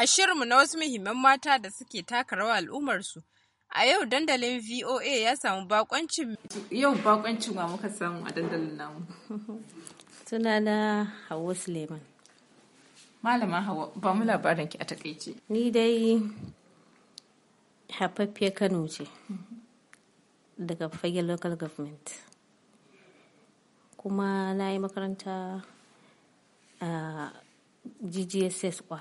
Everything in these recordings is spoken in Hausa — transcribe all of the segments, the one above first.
a shirinmu na wasu muhimman mata da suke taka rawa al'ummarsu. A yau dandalin VOA ya samu bakoncin yau bakoncin wa muka samu a dandalin namu. na Hauwa Suleiman. Malama hawa ba mu labarin ki a takaice. Ni dai haifaffiyar Kano ce daga fage local government. Kuma na yi makaranta a GGSS kwa.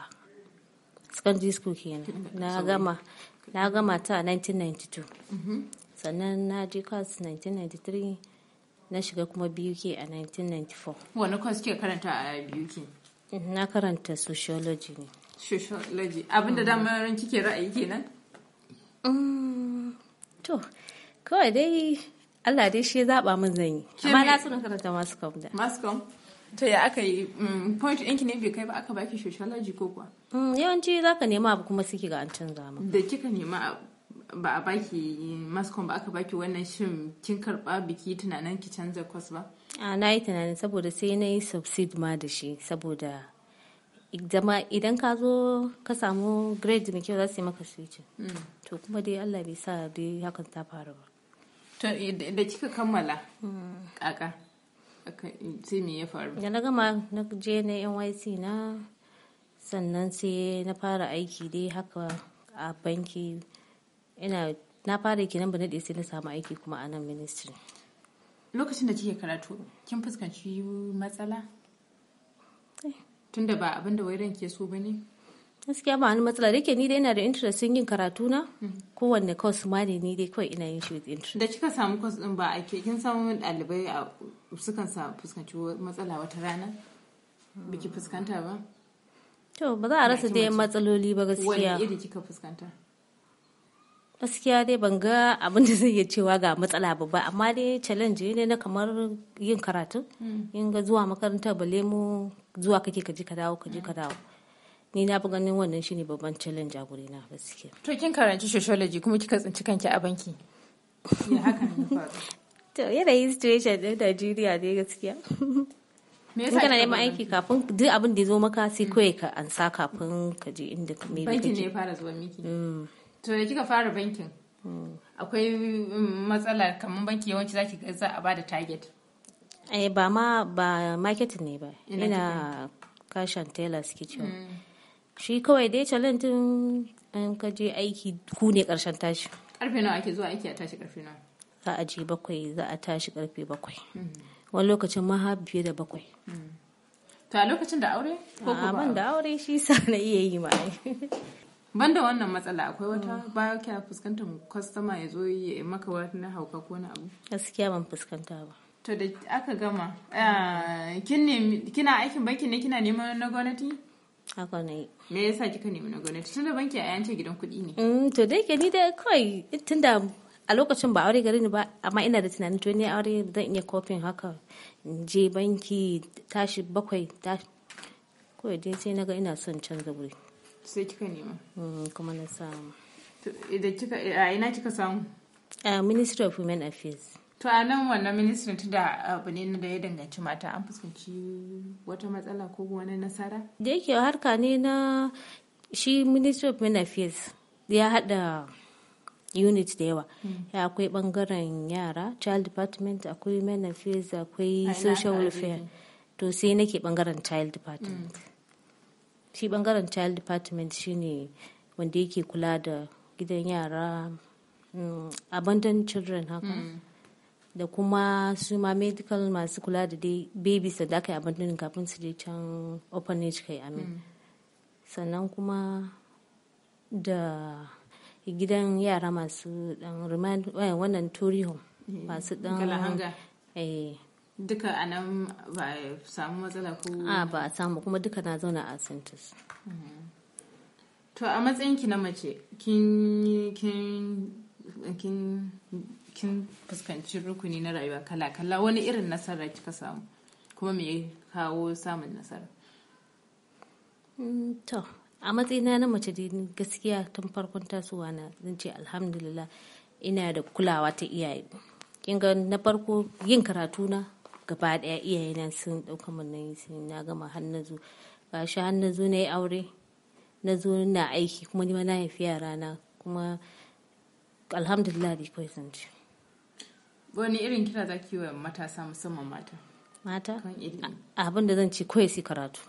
secondary school kenan na gama na gama ta 1992 mm-hmm. sannan na je class 1993 na shiga kuma BUK a 1994 wani kwas ke karanta a BUK mm-hmm, na karanta sociology ne sociology abinda mm-hmm. damarin kike ra'ayi kenan mm, to kawai dai Allah dai shi ya zaba min zan yi amma na suna karanta masu kom da masu kom to ya aka yi mm, point ɗinki ne bai kai ba aka baki sociology ko kuwa mm, yawanci za ka nema abu kuma suke ga an canza da kika nema ba a baki maskon ba aka baki wannan shin kin karba biki tunanin ki canza kwas ba a na yi tunanin saboda sai na yi subsid ma da shi saboda zama idan ka zo ka samu grade mai kyau za su yi maka switch mm. to kuma dai Allah bai sa dai hakan ta faru ba to da kika kammala kaka sai me ya faru da na gama na je na nyc na sannan sai na fara aiki dai haka a banki ina na fara kenan ba daɗe sai na samu aiki kuma a nan ministry lokacin da kike karatu kin fuskanci matsala eh. tunda ba abin da wai ranke so bane gaskiya ba wani matsala da ke ni dai ina da interest yin karatu na kowanne course ma ne ni dai kawai ina yin shi with interest da kika samu course din ba a ke kin samu dalibai a sukan sa fuskanci matsala wata rana biki fuskanta ba to ba za a rasa dai matsaloli ba gaskiya wani iri kika fuskanta gaskiya dai ban ga abin da zai iya cewa ga matsala ba ba amma dai challenge ne na kamar yin karatu hmm. in ga zuwa makarantar balle mu zuwa kake ka je ka dawo ka je ka dawo ni na fi ganin wannan shine babban challenge a gure na gaskiya to kin karanci sociology kuma kika tsinci kanki a banki ya ya faru to yanayin situation din Najeriya ne gaskiya me yasa kana neman aiki kafin duk abin da ya zo maka sai kawai ka ansa kafin ka je inda me bankin ne ya fara zuwa miki mm. to da kika fara bankin akwai mm, matsala kamar banki yawanci zaki ga za a bada target eh ba ma ba marketing ne ba ina kashan tailor suke cewa shi kawai dai challenge an ka je aiki ku ne karshen tashi karfe nawa ake zuwa aiki a tashi karfe nawa za a je bakwai za a tashi karfe bakwai hmm. wani lokacin ma har biye da bakwai hmm. to a lokacin da aure ko ko ban da aure shi sa na iya yi ma ban da wannan matsala akwai wata hmm. baya kya fuskantar kwastama ya zo ya maka wani hauka ko na abu gaskiya ban fuskanta ba to da aka gama eh, kina aikin banki ne kina neman na gwamnati haka ne me yasa kika nemi na gwamnati tunda banki a yance gidan kuɗi ne mm, to dai ke ni da kawai tunda a lokacin ba aure gare ni ba amma ina da tunanin to ne aure zan iya kofin haka je banki tashi bakwai tashi kawai dai sai na ga ina son canza wuri sai kika nema mm, kuma na samu idan kika a ina kika samu ministry of women affairs to a nan wannan tun da abu ne da ya danganci mata an fuskanci wata matsala ko wani nasara da yake harka ne na shi ministry of ya hada unit da yawa hmm. ya akwai bangaren yara child department akwai men affairs akwai social welfare to sai nake bangaren child department hmm. shi bangaren child department shine wanda yake kula da gidan yara mm, abandoned children haka hmm. da kuma su ma medical masu kula da dai babies da aka yi abandonin kafin su je can orphanage kai amin sannan kuma da gidan yara masu dan remind eh, wannan tori home mm. masu dan eh. duka a nan ba a samu matsala ko a ba a samu kuma duka na zauna a centers mm. to a matsayin ki na mace kin kin Eh, kin fuskanci rukuni na rayuwa kala-kala wani irin nasara kika samu kuma me kawo samun nasara mm, to a matsayina na mace da gaskiya tun farkon tasowa na zan ce alhamdulillah ina da kulawa ta iyaye kin ga na farko yin karatu na gaba daya na sun dauka mun nan sun na gama har na zo gashi na zo na yi aure na zo na aiki kuma ni ma na haifi yara na kuma alhamdulillah dai kawai zan ce wani irin kira za ki wa matasa musamman mata mata abin da zan ce kawai sai karatu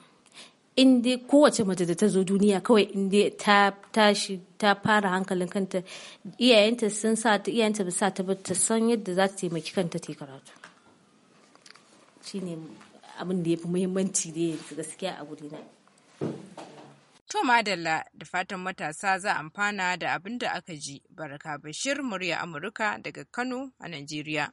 in dai kowace mace da ta zo duniya kawai in dai ta tashi ta fara hankalin kanta iyayenta sun sa ta iyayenta ba sa ta ba ta san yadda za ta taimaki kanta ta karatu shine abin da ya fi muhimmanci da gaskiya a gurina To madalla da fatan matasa za amfana da abin da aka ji. Baraka Bashir murya Amurka daga Kano a Najeriya.